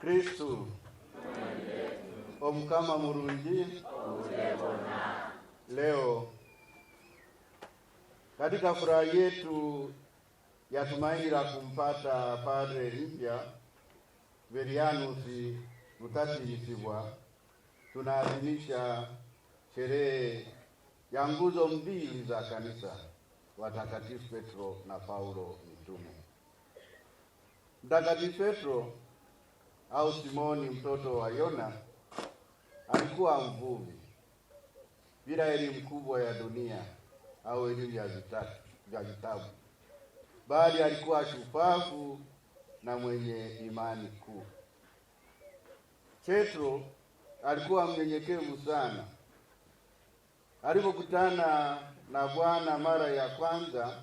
kristu omukama murungi leo katika furaha yetu ya tumaini la kumpata padre mpya Verianus Rutahimisibwa tunaadhimisha sherehe ya nguzo mbili za kanisa, watakatifu Petro na Paulo mitume. Mtakatifu Petro au Simoni mtoto wa Yona alikuwa mvuvi bila elimu kubwa ya dunia au elimu ya vitabu, bali alikuwa shupavu na mwenye imani kuu. Petro alikuwa mnyenyekevu sana. Alipokutana na Bwana mara ya kwanza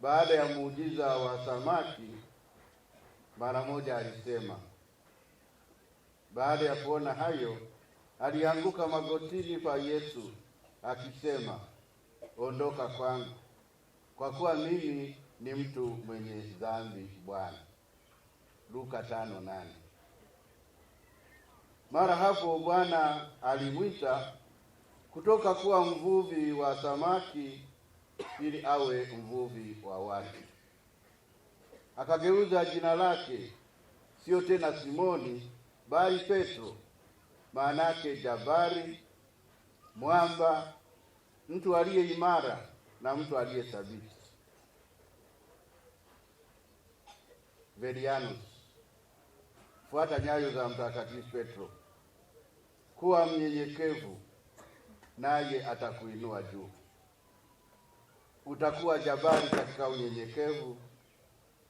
baada ya muujiza wa samaki, mara moja alisema baada ya kuona hayo, alianguka magotini kwa Yesu akisema, ondoka kwangu, kwa kuwa mimi ni mtu mwenye dhambi, Bwana. Luka tano nane. Mara hapo Bwana alimwita kutoka kuwa mvuvi wa samaki ili awe mvuvi wa watu. Akageuza jina lake, sio tena Simoni bali Petro maana yake jabari, mwamba, mtu aliye imara na mtu aliye thabiti. Velianus, fuata nyayo za Mtakatifu Petro, kuwa mnyenyekevu, naye atakuinua juu. Utakuwa jabari katika unyenyekevu,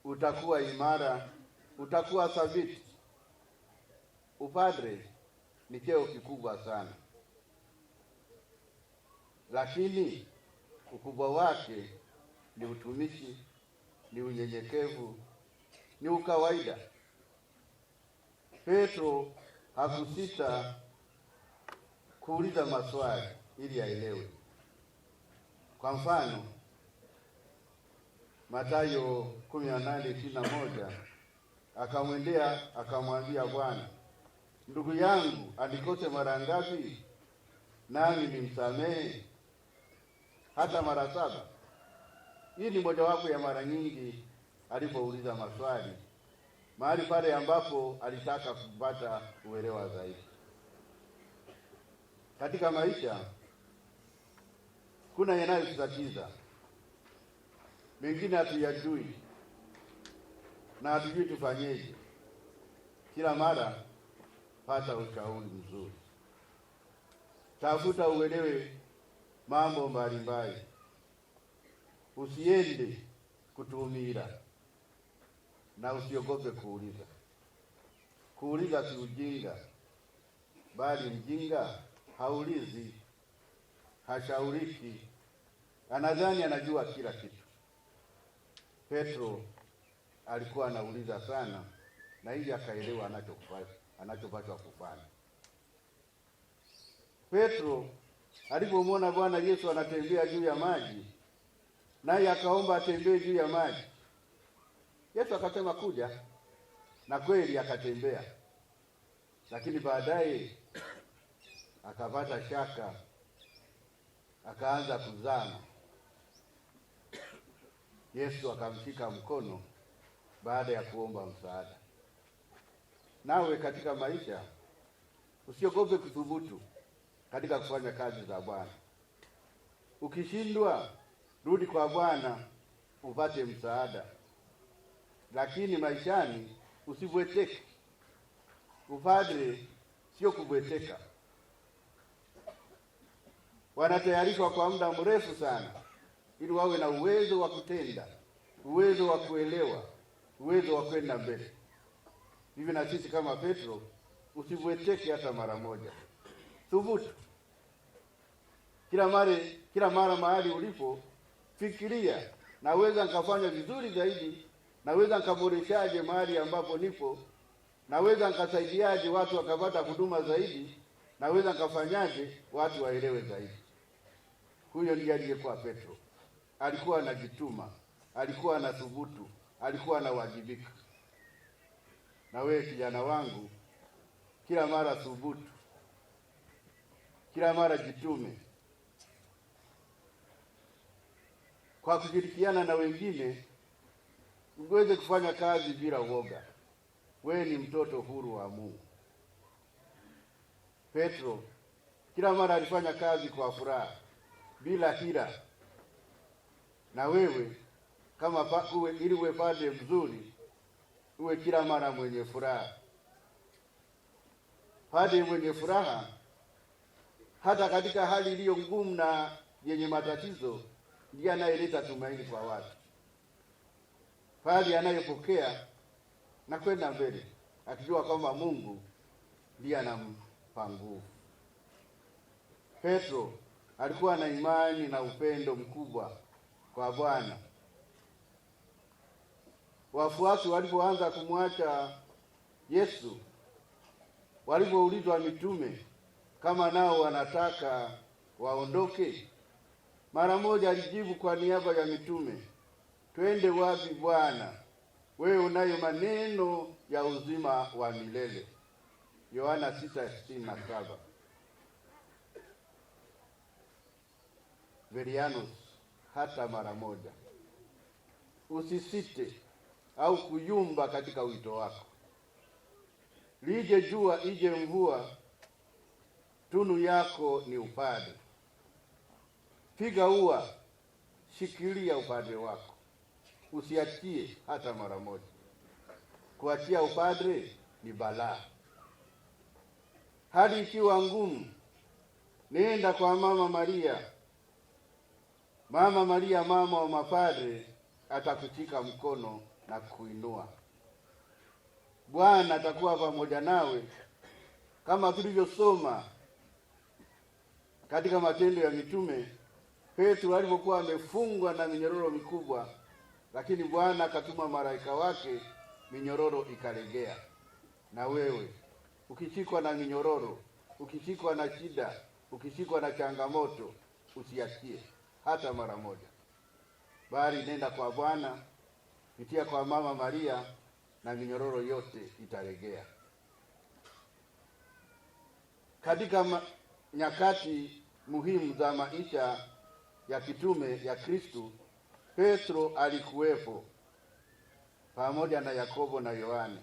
utakuwa imara, utakuwa thabiti upadre ni cheo kikubwa sana, lakini ukubwa wake ni utumishi, ni unyenyekevu, ni ukawaida. Petro hakusita kuuliza maswali ili aelewe. Kwa mfano, Mathayo 18:21 akamwendea akamwambia, Bwana ndugu yangu anikose mara ngapi, nami nimsamehe hata mara saba. Hii ni mojawapo ya mara nyingi alipouliza maswali mahali pale ambapo alitaka kupata uelewa zaidi. Katika maisha kuna yanayotutatiza, mengine hatuyajui na hatujui tufanyeje. Kila mara pata ushauri mzuri, tafuta uelewe mambo mbalimbali, usiende kutumira na usiogope kuuliza. Kuuliza si ujinga, bali mjinga haulizi, hashauriki, anadhani anajua kila kitu. Petro alikuwa anauliza sana na hivi akaelewa anachokufanya anachopaswa kufanya. Petro alipomwona Bwana Yesu anatembea juu ya maji, naye akaomba atembee juu ya maji, Yesu akasema kuja, na kweli akatembea. Lakini baadaye akapata shaka, akaanza kuzama. Yesu akamshika mkono baada ya kuomba msaada nawe katika maisha usiogope kuthubutu katika kufanya kazi za Bwana. Ukishindwa, rudi kwa Bwana upate msaada, lakini maishani usibweteke. Upadre sio kubweteka. Wanatayarishwa kwa muda mrefu sana ili wawe na uwezo wa kutenda, uwezo wa kuelewa, uwezo wa kwenda mbele. Hivyo na sisi kama Petro usibweteke hata mara moja, thubutu kila mara, kila mara mahali ulipo fikiria, naweza nikafanya vizuri zaidi, naweza nikaboreshaje mahali ambapo nipo, naweza nikasaidiaje watu wakapata huduma zaidi, naweza nikafanyaje watu waelewe zaidi. Huyo ndiye aliyekuwa Petro, alikuwa anajituma, alikuwa anathubutu, alikuwa anawajibika na wewe kijana wangu, kila mara thubutu, kila mara jitume. Kwa kushirikiana na wengine uweze kufanya kazi bila uoga. Wewe ni mtoto huru wa Mungu. Petro kila mara alifanya kazi kwa furaha bila hila, na wewe kama pa, uwe, ili uwe padre mzuri uwe kila mara mwenye furaha, hadi mwenye furaha hata katika hali iliyo ngumu na yenye matatizo, ndiye anayeleta tumaini kwa watu, hadi anayepokea na kwenda mbele akijua kwamba Mungu ndiye anampa nguvu. Petro alikuwa na imani na upendo mkubwa kwa Bwana wafuasi walipoanza kumwacha Yesu, walipoulizwa mitume kama nao wanataka waondoke, mara moja alijibu kwa niaba ya mitume, twende wapi Bwana? Wewe unayo maneno ya uzima wa milele. Yohana 6:67. Verianus, hata mara moja usisite au kuyumba katika wito wako. Lije jua ije mvua, tunu yako ni upande. Piga ua, shikilia upande wako, usiachie hata mara moja. Kuachia upadre ni balaa. Hali ikiwa ngumu, nenda kwa Mama Maria. Mama Maria, mama wa mapadre, atakushika mkono na kuinua. Bwana atakuwa pamoja nawe kama tulivyosoma katika Matendo ya Mitume, Petro alipokuwa amefungwa na minyororo mikubwa, lakini Bwana akatuma malaika wake, minyororo ikalegea. Na wewe ukishikwa na minyororo, ukishikwa na shida, ukishikwa na changamoto, usiachie hata mara moja, bali nenda kwa Bwana kupitia kwa Mama Maria na minyororo yote itaregea. Katika nyakati muhimu za maisha ya kitume ya Kristu, Petro alikuwepo pamoja na Yakobo na Yohane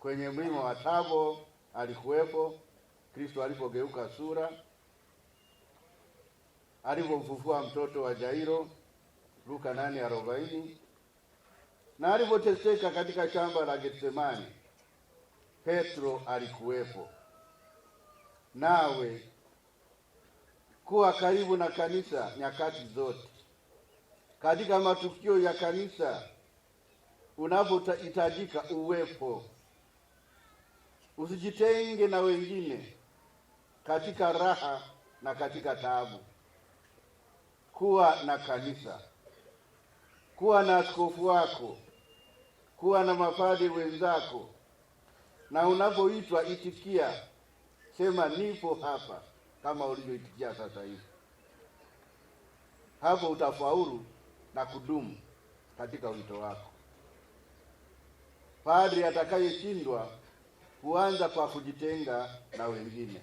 kwenye mlima wa Tabo. Alikuwepo Kristo alipogeuka sura, alipomfufua mtoto wa Jairo, Luka 8:40 na alivyoteseka katika shamba la Getsemani, Petro alikuwepo. Nawe kuwa karibu na kanisa nyakati zote, katika matukio ya kanisa unapohitajika uwepo. Usijitenge na wengine katika raha na katika taabu. Kuwa na kanisa, kuwa na askofu wako kuwa na mapadri wenzako, na unapoitwa itikia, sema nipo hapa, kama ulivyoitikia sasa hivi. Hapo utafaulu na kudumu katika wito wako. Padri atakayeshindwa kuanza kwa kujitenga na wengine.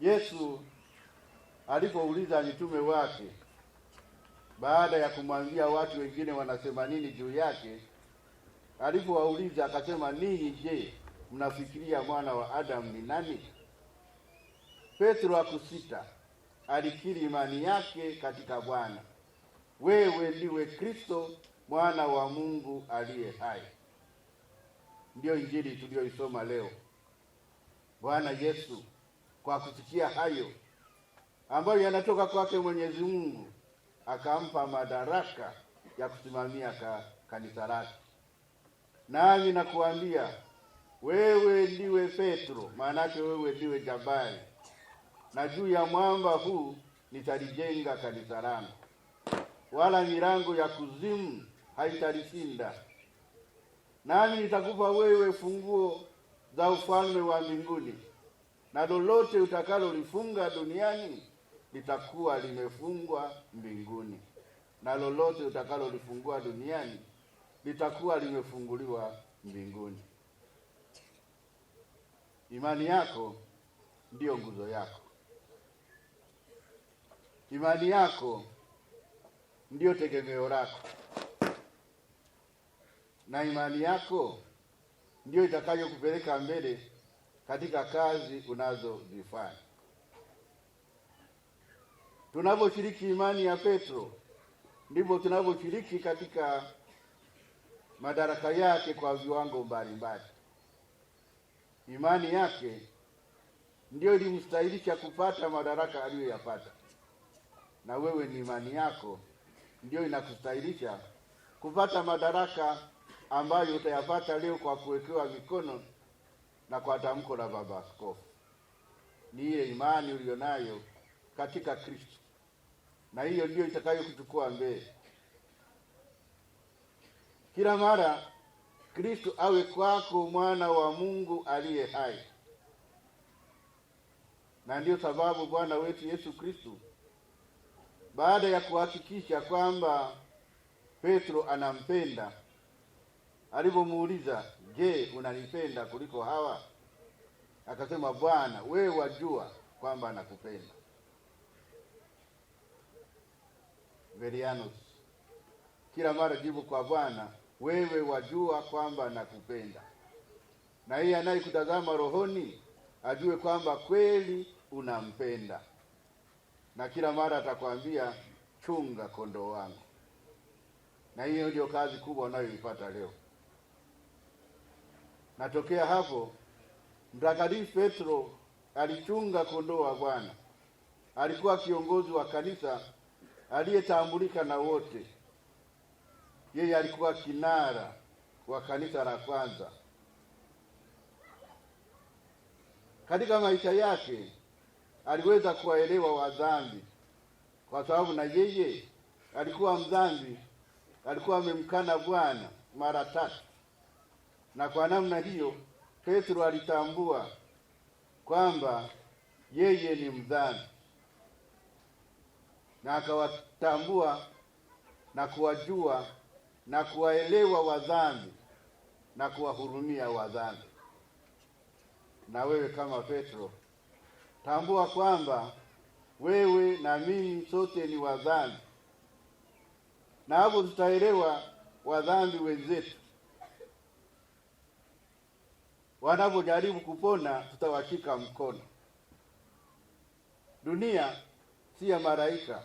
Yesu alipouliza mitume wake baada ya kumwambia watu wengine wanasema nini juu yake, alipowauliza akasema, ninyi je, mnafikiria mwana wa Adamu ni nani? Petro akusita, alikiri imani yake katika Bwana. Wewe ndiwe Kristo mwana wa Mungu aliye hai. Ndiyo injili tuliyoisoma leo. Bwana Yesu kwa kusikia hayo ambayo yanatoka kwake Mwenyezi Mungu akampa madaraka ya kusimamia ka, kanisa lake. Nami nakuambia wewe ndiwe Petro, maana yake wewe ndiwe jabali, na juu ya mwamba huu nitalijenga kanisa langu, wala milango ya kuzimu haitalishinda. Nami nitakupa wewe funguo za ufalme wa mbinguni, na lolote utakalolifunga duniani litakuwa limefungwa mbinguni, na lolote utakalolifungua duniani litakuwa limefunguliwa mbinguni. Imani yako ndiyo nguzo yako. Imani yako ndiyo tegemeo lako, na imani yako ndiyo itakayokupeleka mbele katika kazi unazozifanya. Tunavyoshiriki imani ya Petro ndivyo tunavyoshiriki katika madaraka yake kwa viwango mbalimbali. Imani yake ndiyo ilimstahilisha kupata madaraka aliyoyapata, na wewe ni imani yako ndiyo inakustahilisha kupata madaraka ambayo utayapata leo kwa kuwekewa mikono na kwa tamko la Baba Askofu. Ni ile imani uliyonayo katika Kristo na hiyo ndiyo itakayokuchukua mbele. Kila mara Kristo awe kwako mwana wa Mungu aliye hai, na ndiyo sababu Bwana wetu Yesu Kristo baada ya kuhakikisha kwamba Petro anampenda alipomuuliza, je, unanipenda kuliko hawa? Akasema, Bwana, we wajua kwamba nakupenda. Velianos, kila mara jibu kwa Bwana, wewe wajua kwamba nakupenda, na yeye anayekutazama rohoni ajue kwamba kweli unampenda, na kila mara atakwambia chunga kondoo wangu. Na hiyo ndio kazi kubwa unayoipata leo. Natokea hapo, Mtakatifu Petro alichunga kondoo wa Bwana, alikuwa kiongozi wa kanisa aliyetambulika na wote. Yeye alikuwa kinara wa kanisa la kwanza. Katika maisha yake aliweza kuwaelewa wadhambi, kwa sababu na yeye alikuwa mdhambi, alikuwa amemkana Bwana mara tatu, na kwa namna hiyo Petro alitambua kwamba yeye ni mdhambi na akawatambua na kuwajua na kuwaelewa wadhambi na kuwahurumia wadhambi. Na wewe kama Petro, tambua kwamba wewe na mimi sote ni wadhambi, na hapo tutaelewa wadhambi wenzetu wanapojaribu kupona, tutawashika mkono. Dunia si ya maraika.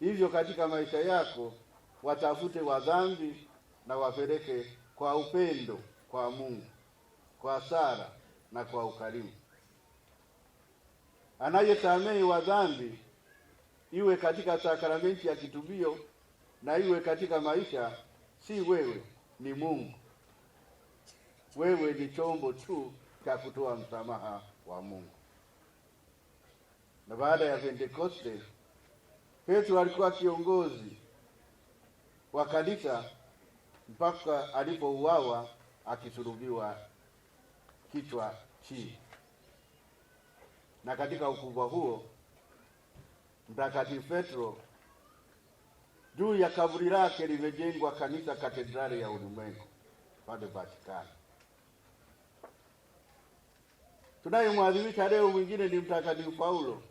Hivyo katika maisha yako watafute wadhambi na wapeleke kwa upendo kwa Mungu, kwa sara na kwa ukarimu. Anayesamehe wadhambi, iwe katika sakramenti ya kitubio na iwe katika maisha, si wewe, ni Mungu. Wewe ni chombo tu cha kutoa msamaha wa Mungu. Na baada ya Pentekoste Petro alikuwa kiongozi wa kanisa mpaka alipouawa akisulubiwa kichwa chini. Na katika ukubwa huo Mtakatifu Petro, juu ya kaburi lake limejengwa kanisa katedrali ya ulimwengu pale Vatikani. Tunayemwadhimisha leo mwingine ni Mtakatifu Paulo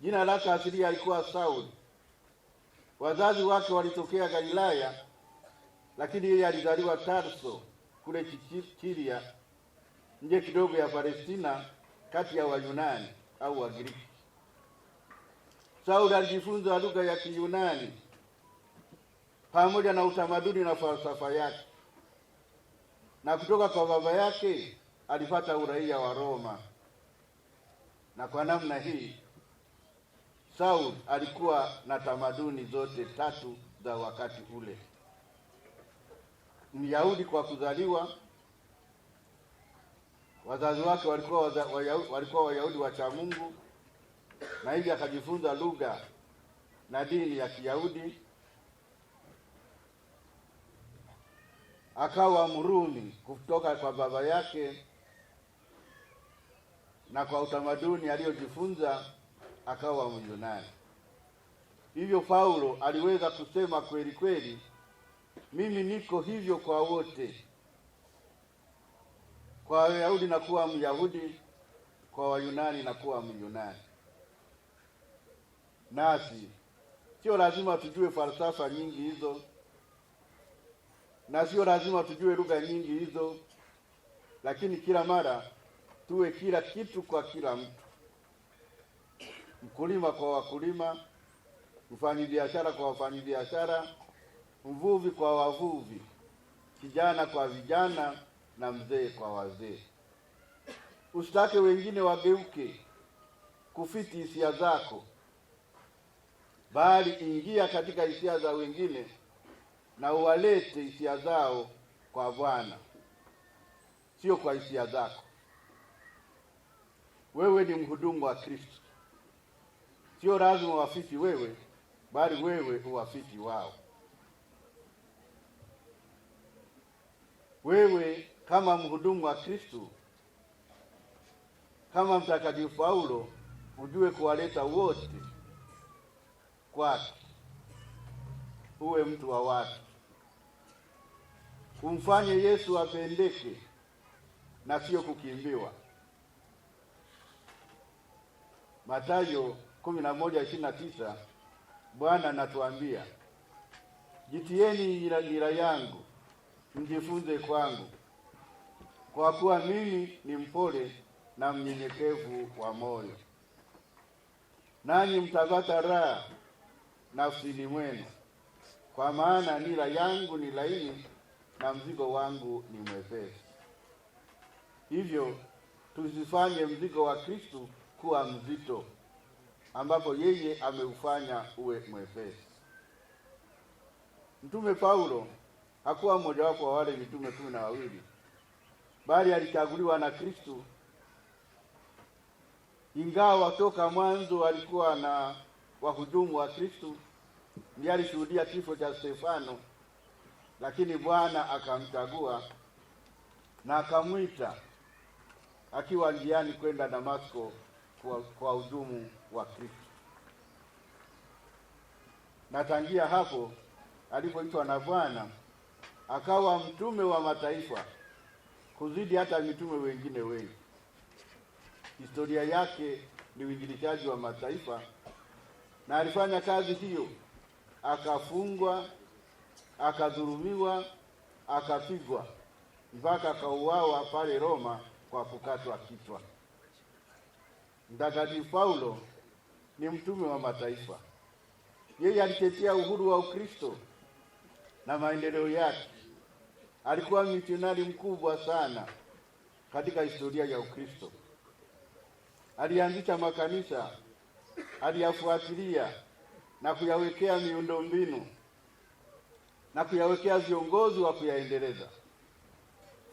Jina lake asili alikuwa Sauli. Wazazi wake walitokea Galilaya, lakini yeye alizaliwa Tarso kule Kilikia, nje kidogo ya Palestina, kati ya Wayunani au Wagiriki. Sauli alijifunza lugha ya Kiyunani pamoja na utamaduni na falsafa yake, na kutoka kwa baba yake alipata uraia wa Roma, na kwa namna hii Saul alikuwa na tamaduni zote tatu za wakati ule: Myahudi kwa kuzaliwa, wazazi wake walikuwa Wayahudi, walikuwa Wayahudi wacha Mungu, na hivyo akajifunza lugha na dini ya Kiyahudi. Akawa Mrumi kutoka kwa baba yake na kwa utamaduni aliyojifunza akawa myunani Hivyo Paulo aliweza kusema kweli kweli, mimi niko hivyo kwa wote, kwa Wayahudi na kuwa Myahudi, kwa Wayunani na kuwa Myunani. Nasi sio lazima tujue falsafa nyingi hizo, na sio lazima tujue lugha nyingi hizo, lakini kila mara tuwe kila kitu kwa kila mtu mkulima kwa wakulima, mfanyibiashara kwa wafanyibiashara mvuvi kwa wavuvi, kijana kwa vijana na mzee kwa wazee. Usitake wengine wageuke kufiti hisia zako, bali ingia katika hisia za wengine na uwalete hisia zao kwa Bwana, sio kwa hisia zako. Wewe ni mhudumu wa Kristo. Sio lazima uwafiki wewe, bali wewe uwafiki wao. Wewe kama mhudumu wa Kristo, kama Mtakatifu Paulo, ujue kuwaleta wote kwake. Uwe mtu wa watu, umfanye Yesu apendeke na sio kukimbiwa. matayo kumi na moja ishirini na tisa Bwana anatuambia jitieni nira yangu mjifunze kwangu, kwa kuwa mimi ni mpole na mnyenyekevu wa moyo, nanyi mtapata raha nafsini mwenu, kwa maana nira yangu ni laini na mzigo wangu ni mwepesi. Hivyo tusifanye mzigo wa Kristo kuwa mzito ambapo yeye ameufanya uwe mwepesi. Mtume Paulo hakuwa mmojawapo wa wale mitume kumi na wawili, bali alichaguliwa na Kristo, ingawa toka mwanzo alikuwa na wahudumu wa Kristo. Ndiye alishuhudia kifo cha Stefano, lakini Bwana akamchagua na akamwita akiwa njiani kwenda Damasko kwa hudumu wa Kristo. Na tangia hapo alipoitwa na Bwana akawa mtume wa mataifa kuzidi hata mitume wengine wengi. Historia yake ni uingilishaji wa mataifa, na alifanya kazi hiyo, akafungwa, akadhulumiwa, akapigwa mpaka akauawa pale Roma kwa kukatwa kichwa. Mtakatifu Paulo ni mtume wa mataifa. Yeye alitetea uhuru wa Ukristo na maendeleo yake. Alikuwa misionari mkubwa sana katika historia ya Ukristo. Alianzisha makanisa, aliyafuatilia na kuyawekea miundombinu na kuyawekea viongozi wa kuyaendeleza.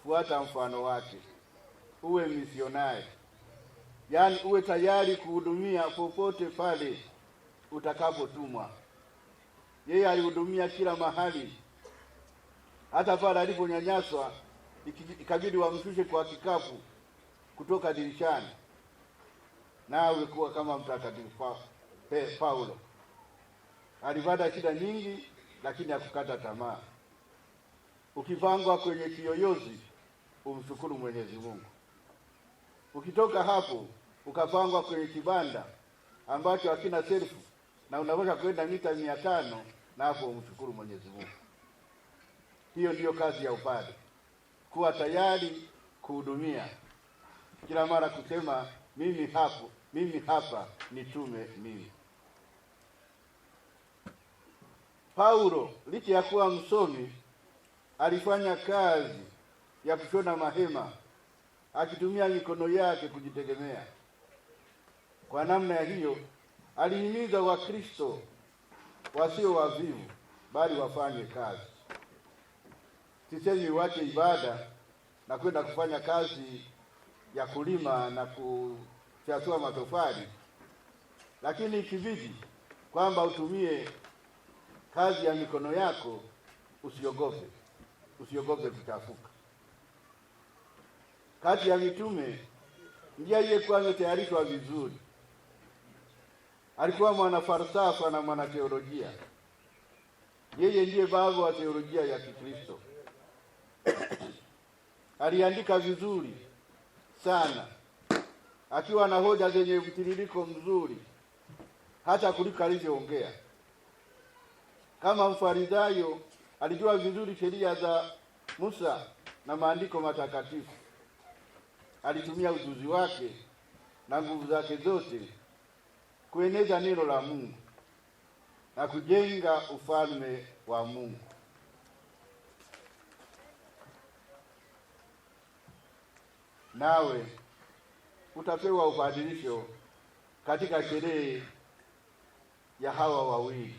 Fuata mfano wake, uwe misionari yaani uwe tayari kuhudumia popote pale utakapotumwa. Yeye alihudumia kila mahali, hata pale aliponyanyaswa ikabidi wamshushe kwa kikapu kutoka dirishani, nawe kuwa kama mtakatifu Paulo. Alipata shida nyingi, lakini hakukata tamaa. Ukipangwa kwenye kiyoyozi, umshukuru Mwenyezi Mungu. Ukitoka hapo ukapangwa kwenye kibanda ambacho hakina selfu na unaweza kwenda mita mia tano na hapo umshukuru Mwenyezi Mungu. Hiyo ndiyo kazi ya upadre, kuwa tayari kuhudumia, kila mara kusema mimi hapo, mimi hapa, nitume mimi. Paulo licha ya kuwa msomi alifanya kazi ya kushona mahema akitumia mikono yake kujitegemea. Kwa namna ya hiyo alihimiza Wakristo wasio wavivu, bali wafanye kazi. Sisemi wache ibada na kwenda kufanya kazi ya kulima na kuchatua matofali, lakini ikibidi kwamba utumie kazi ya mikono yako, usiogope, usiogope kuchafuka. Kati ya mitume ndiye aliyekuwa ametayarishwa vizuri Alikuwa mwanafalsafa na mwanateolojia. Yeye ndiye baba wa teolojia ya Kikristo. Aliandika vizuri sana akiwa na hoja zenye mtiririko mzuri hata kuliko alivyoongea. Kama Mfarisayo, alijua vizuri sheria za Musa na maandiko matakatifu. Alitumia ujuzi wake na nguvu zake zote kueneza neno la Mungu na kujenga ufalme wa Mungu. Nawe utapewa ubadilisho katika sherehe ya hawa wawili.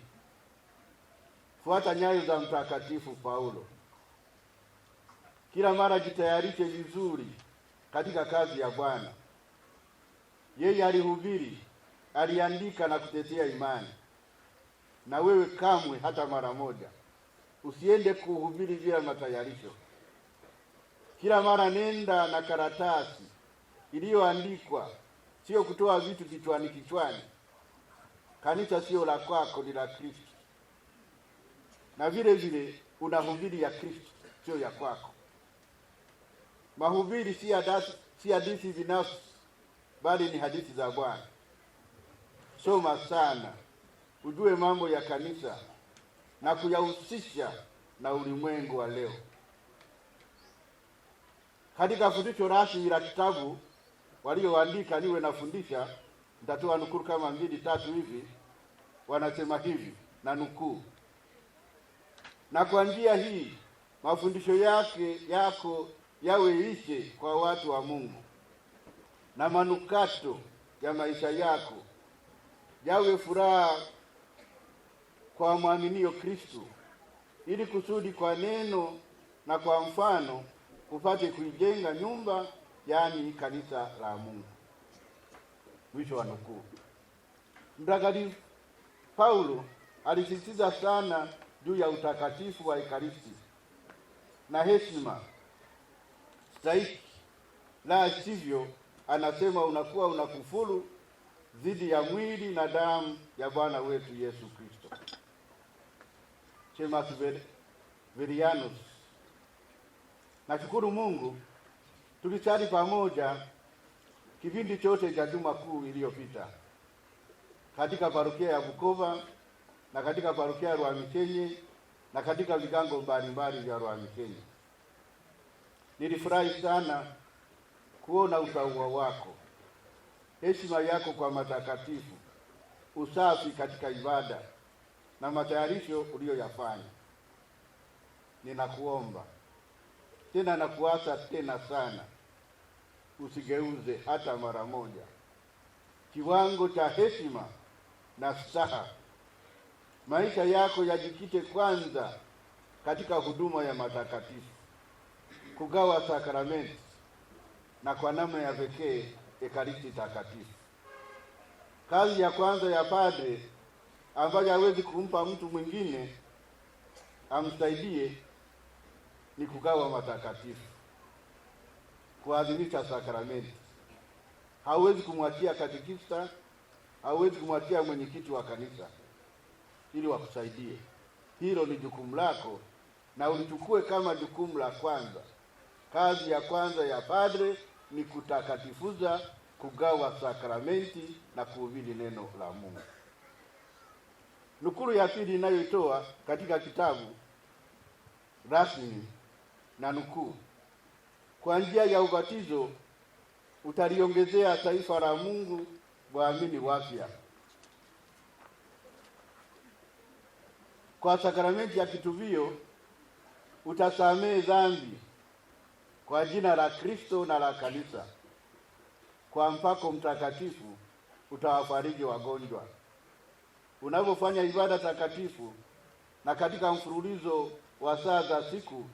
Fuata nyayo za Mtakatifu Paulo. Kila mara jitayarishe vizuri katika kazi ya Bwana. Yeye alihubiri aliandika na kutetea imani. Na wewe kamwe hata mara moja usiende kuhubiri bila matayarisho. Kila mara nenda na karatasi iliyoandikwa, sio kutoa vitu kichwani kichwani. Kanisa sio la kwako, ni la Kristo, na vile vile unahubiri ya Kristo, sio ya kwako. Mahubiri si hadithi binafsi, bali ni hadithi za Bwana soma sana, ujue mambo ya kanisa na kuyahusisha na ulimwengu wa leo. Katika fundisho rasmi la kitabu walioandika niwe nafundisha, nitatoa nukuu kama mbili tatu hivi. Wanasema hivi na nukuu, na kwa njia hii mafundisho yake yako yaweishe kwa watu wa Mungu na manukato ya maisha yako yawe furaha kwa mwaminio Kristo, ili kusudi kwa neno na kwa mfano upate kuijenga nyumba, yaani kanisa la Mungu. Mwisho wa nukuu. Mtakatifu Paulo alisisitiza sana juu ya utakatifu wa Ekaristi na heshima stahiki, la sivyo, anasema unakuwa unakufuru dhidi ya mwili na damu ya Bwana wetu Yesu Kristo. chemas Verianus, nashukuru Mungu tulisali pamoja kipindi chote cha Juma Kuu iliyopita katika parokia ya Bukova na katika parokia ya Rwamikenye na katika vigango mbalimbali vya Rwamikenye. Nilifurahi sana kuona utaua wako heshima yako kwa matakatifu, usafi katika ibada na matayarisho uliyoyafanya. Ninakuomba tena, nakuasa tena sana, usigeuze hata mara moja kiwango cha heshima na staha. Maisha yako yajikite kwanza katika huduma ya matakatifu, kugawa sakramenti na kwa namna ya pekee Ekaristi Takatifu. Kazi ya kwanza ya padre ambayo hawezi kumpa mtu mwingine amsaidie ni kugawa matakatifu, kuadhimisha sakramenti. Hawezi kumwachia katekista, hawezi kumwachia mwenyekiti wa kanisa ili wakusaidie. Hilo ni jukumu lako, na ulichukue kama jukumu la kwanza, kazi ya kwanza ya padre ni kutakatifuza, kugawa sakramenti na kuhubiri neno la Mungu. Nukuru ya pili inayoitoa katika kitabu rasmi na nukuu, kwa njia ya ubatizo utaliongezea taifa la Mungu waamini wapya kwa sakramenti ya kituvio utasamehe dhambi kwa jina la Kristo na la kanisa, kwa mpako mtakatifu utawafariji wagonjwa. Unavyofanya ibada takatifu na katika mfululizo wa saa za siku,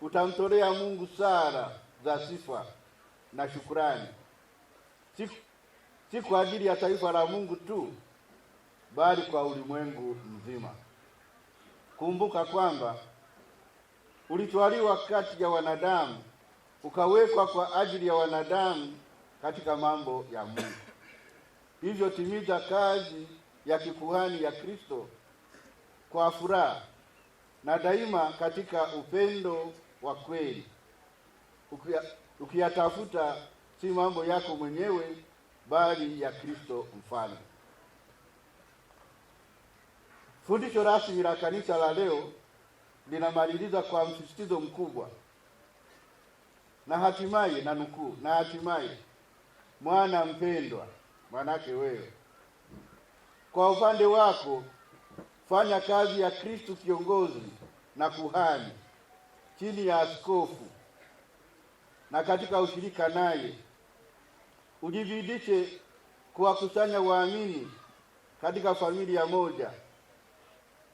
utamtolea Mungu sala za sifa na shukurani, si kwa ajili ya taifa la Mungu tu, bali kwa ulimwengu mzima. Kumbuka kwamba ulitwaliwa kati ya wanadamu ukawekwa kwa ajili ya wanadamu katika mambo ya Mungu. Hivyo timiza kazi ya kikuhani ya Kristo kwa furaha na daima katika upendo wa kweli, ukiyatafuta si mambo yako mwenyewe bali ya Kristo mfano. Fundisho rasmi la kanisa la leo linamaliliza kwa msisitizo mkubwa na hatimaye, na nukuu, na hatimaye mwana mpendwa, manake wewe, kwa upande wako fanya kazi ya Kristo kiongozi na kuhani chini ya askofu na katika ushirika naye, ujividishe kuwakusanya waamini katika familia moja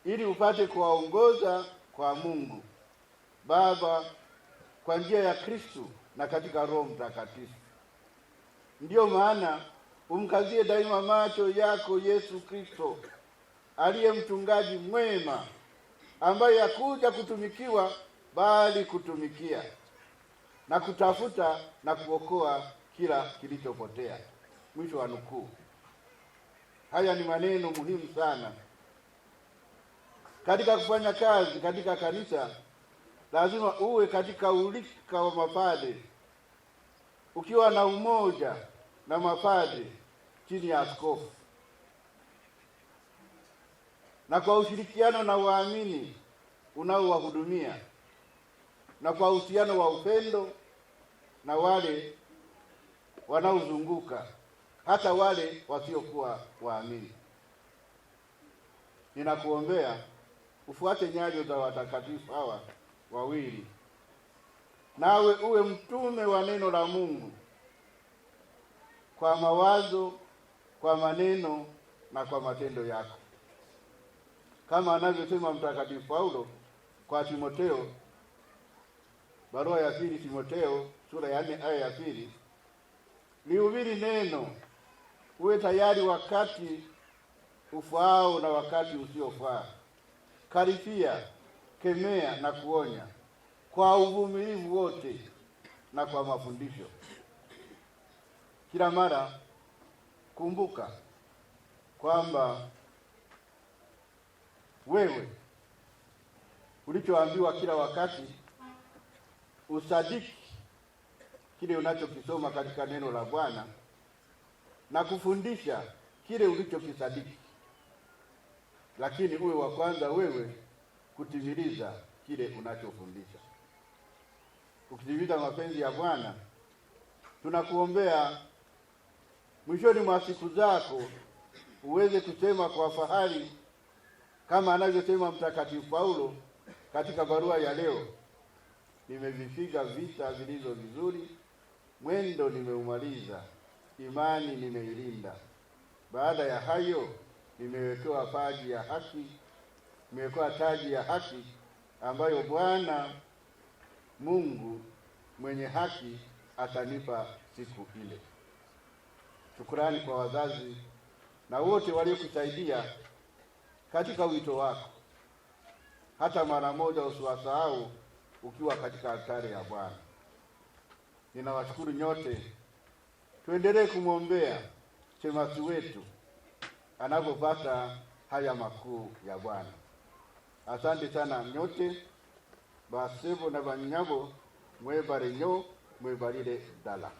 ili upate kuwaongoza kwa Mungu Baba kwa njia ya Kristu na katika Roho Mtakatifu. Ndiyo maana umkazie daima macho yako Yesu Kristo aliye mchungaji mwema ambaye hakuja kutumikiwa bali kutumikia na kutafuta na kuokoa kila kilichopotea. Mwisho wa nukuu. Haya ni maneno muhimu sana. Katika kufanya kazi katika kanisa lazima uwe katika ulika wa mapade ukiwa na umoja na mapade chini ya askofu na kwa ushirikiano na waamini unaowahudumia na kwa uhusiano wa upendo na wale wanaozunguka hata wale wasiokuwa waamini. Ninakuombea ufuate nyayo za watakatifu hawa wawili, nawe uwe mtume wa neno la Mungu kwa mawazo, kwa maneno na kwa matendo yako, kama anavyosema Mtakatifu Paulo kwa Timotheo, barua ya pili Timotheo sura ya 4 aya ya pili, lihubiri neno, uwe tayari wakati ufaao na wakati usiofaa karifia kemea na kuonya kwa uvumilivu wote na kwa mafundisho. Kila mara kumbuka kwamba wewe ulichoambiwa kila wakati usadiki kile unachokisoma katika neno la Bwana na kufundisha kile ulichokisadiki lakini uwe wa kwanza wewe kutimiliza kile unachofundisha. Ukitimiza mapenzi ya Bwana, tunakuombea mwishoni mwa siku zako uweze kusema kwa fahari kama anavyosema Mtakatifu Paulo katika barua ya leo, nimevifiga vita vilivyo vizuri, mwendo nimeumaliza, imani nimeilinda. Baada ya hayo nimewekewa taji ya haki, nimewekewa taji ya haki ambayo Bwana Mungu mwenye haki atanipa siku ile. Shukurani kwa wazazi na wote waliokusaidia katika wito wako, hata mara moja usiwasahau ukiwa katika altari ya Bwana. Ninawashukuru nyote, tuendelee kumwombea shemasi wetu anavyopata haya makuu ya Bwana. Asante sana nyote basevo na banyabo mwebarenyo mwebarire dala